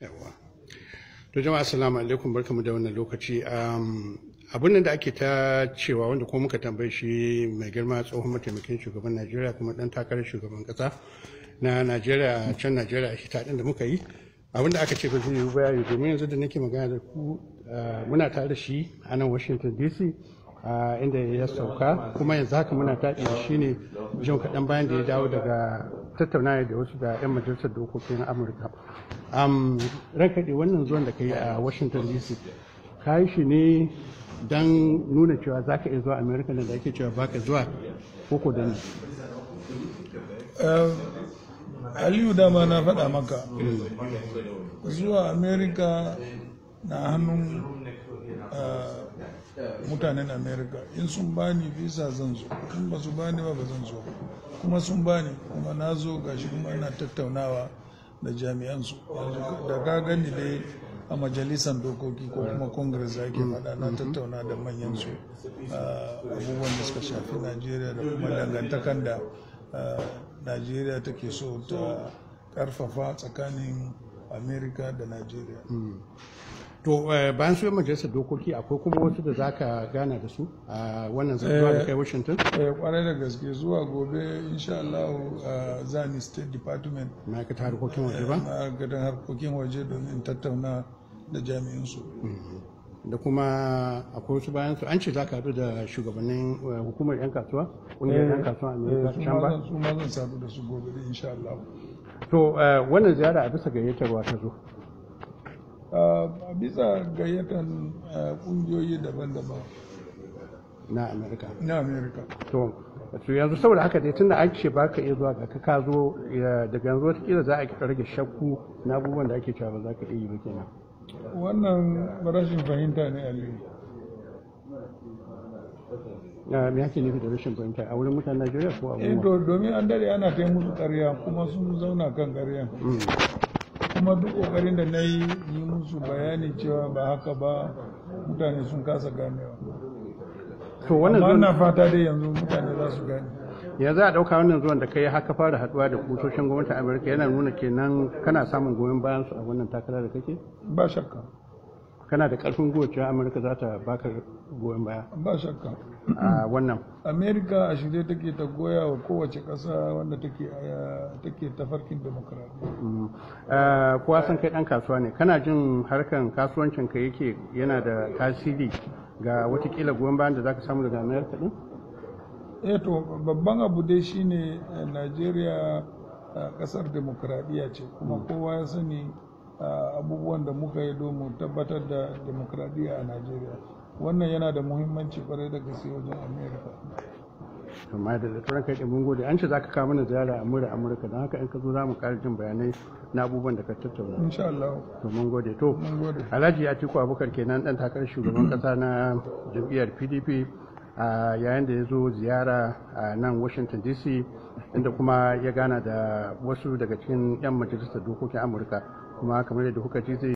yawa to jama'a assalamu alaikum barkamu da wannan lokaci abin da ake ta cewa wanda ko muka tambaye shi mai girma tsohon mataimakin shugaban najeriya kuma dan takarar shugaban kasa na najeriya can najeriya ta din da muka yi abin da aka ce ba zai yi ba yi domin yanzu da nake magana da ku muna tare da shi a nan washington dc inda ya sauka kuma yanzu haka muna taɗi da shi ne jin kaɗan bayan da ya dawo daga tattauna da wasu da 'yan majalisar dokokin amurka kaɗe wannan zuwan da ka yi a washington dc ka yi shi ne don nuna cewa za ka iya zuwa amurka da ake cewa baka zuwa koko da eh, aliyu dama na faɗa maka zuwa amurka na hannun eh, mutanen amurka in sun bani visa zan zo in ba su bani ba ba zan zo ba kuma sun bani kuma na zo gashi kuma ina tattaunawa da jami'ansu da ka gani dai a majalisar dokoki ko kuma congress za ke faɗa na tattauna da manyan su abubuwan da suka shafi najeriya da kuma dangantakan da najeriya take so ta karfafa tsakanin america da najeriya hmm. to eh, bayan su majalisar dokoki akwai kuma wasu da zaka gana da su a wannan zuwa da kai washington eh, eh, kwarai da gaske zuwa gobe insha Allah za ni state department ma'aikatar harkokin waje ba ma'aikatar harkokin waje domin tattauna da jami'in su mm-hmm. da kuma akwai wasu bayan su an ce za ka haɗu da shugabannin hukumar 'yan kasuwa ƙungiyar 'yan kasuwa a amerika can ba su ma zan sadu da su gobe insha Allah to wannan ziyara a bisa gayyatarwa ta zo bisa gayyatar kungiyoyi eh, daban-daban na amerika na amerika to to yanzu saboda haka dai tunda an ce ba ka iya zuwa ga ka zo daga yanzu watakila za a ki rage shakku na abubuwan da ake cewa ba za ka iya yi ba kenan wannan rashin fahimta ne aliyu me ake nufi da rashin fahimta a wurin mutanen najeriya ko a wurin eh, to domin an dare ana taimaka musu karya kuma sun zauna kan karyan mm. kuma duk kokarin da na yi yi musu bayani cewa ba haka ba mutane sun kasa ganewa to wannan zuwan na fata dai yanzu mutane za su gane ya a ɗauka wannan zuwan da kai haka fara haɗuwa da kusoshin gwamnatin amurka yana nuna kenan kana samun goyon bayan su a wannan takarar da kake ba shakka kana da karfin gwiwa cewa amurka za ta baka goyon baya ba shakka a wannan amerika a shirye take ta goya wa kowace kasa wanda take eh, take tafarkin demokradiyya mm. eh, kowa san kai dan kasuwa ne kana jin harkan kasuwancin ka yake yana da tasiri ga watakila goyon bayan da zaka samu daga amerika din eh to babban abu dai shine eh, najeriya kasar demokradiyya ce kuma mm. kowa ya sani abubuwan da muka yi domin tabbatar da demokradiyya a najeriya wannan yana da muhimmanci kwarai da gaske wajen amerika amma da littattafan kai mun gode an ce za ka kawo mana ziyara a mura amurka don haka in ka zo za mu ƙara jin bayanai na abubuwan da ka tattauna insha Allah to mun gode to alhaji ya atiku abubakar kenan dan takarar shugaban kasa na jam'iyyar pdp a yayin da ya zo ziyara a nan washington dc inda kuma ya gana da wasu daga cikin 'yan majalisar dokokin amurka kuma kamar yadda kuka ci zai